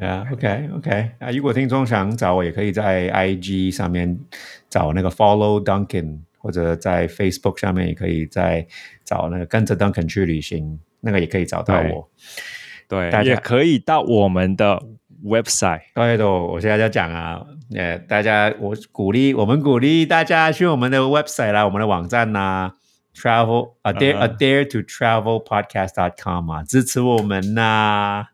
啊，OK，OK，啊，如果聽眾想找我，也可以在 IG 上面找那個 Follow Duncan，或者在 Facebook 上面，也可以再找那個跟着 Duncan 去旅行，那個也可以找到我。對，也可以到我們的 website，大家都，我現在在講啊，誒，大家我鼓勵，我們鼓勵大家去我們的 website 啦，我們的網站啦，travel 啊，Dare 啊，Dare to travel podcast dot com 啊，支持我們啦。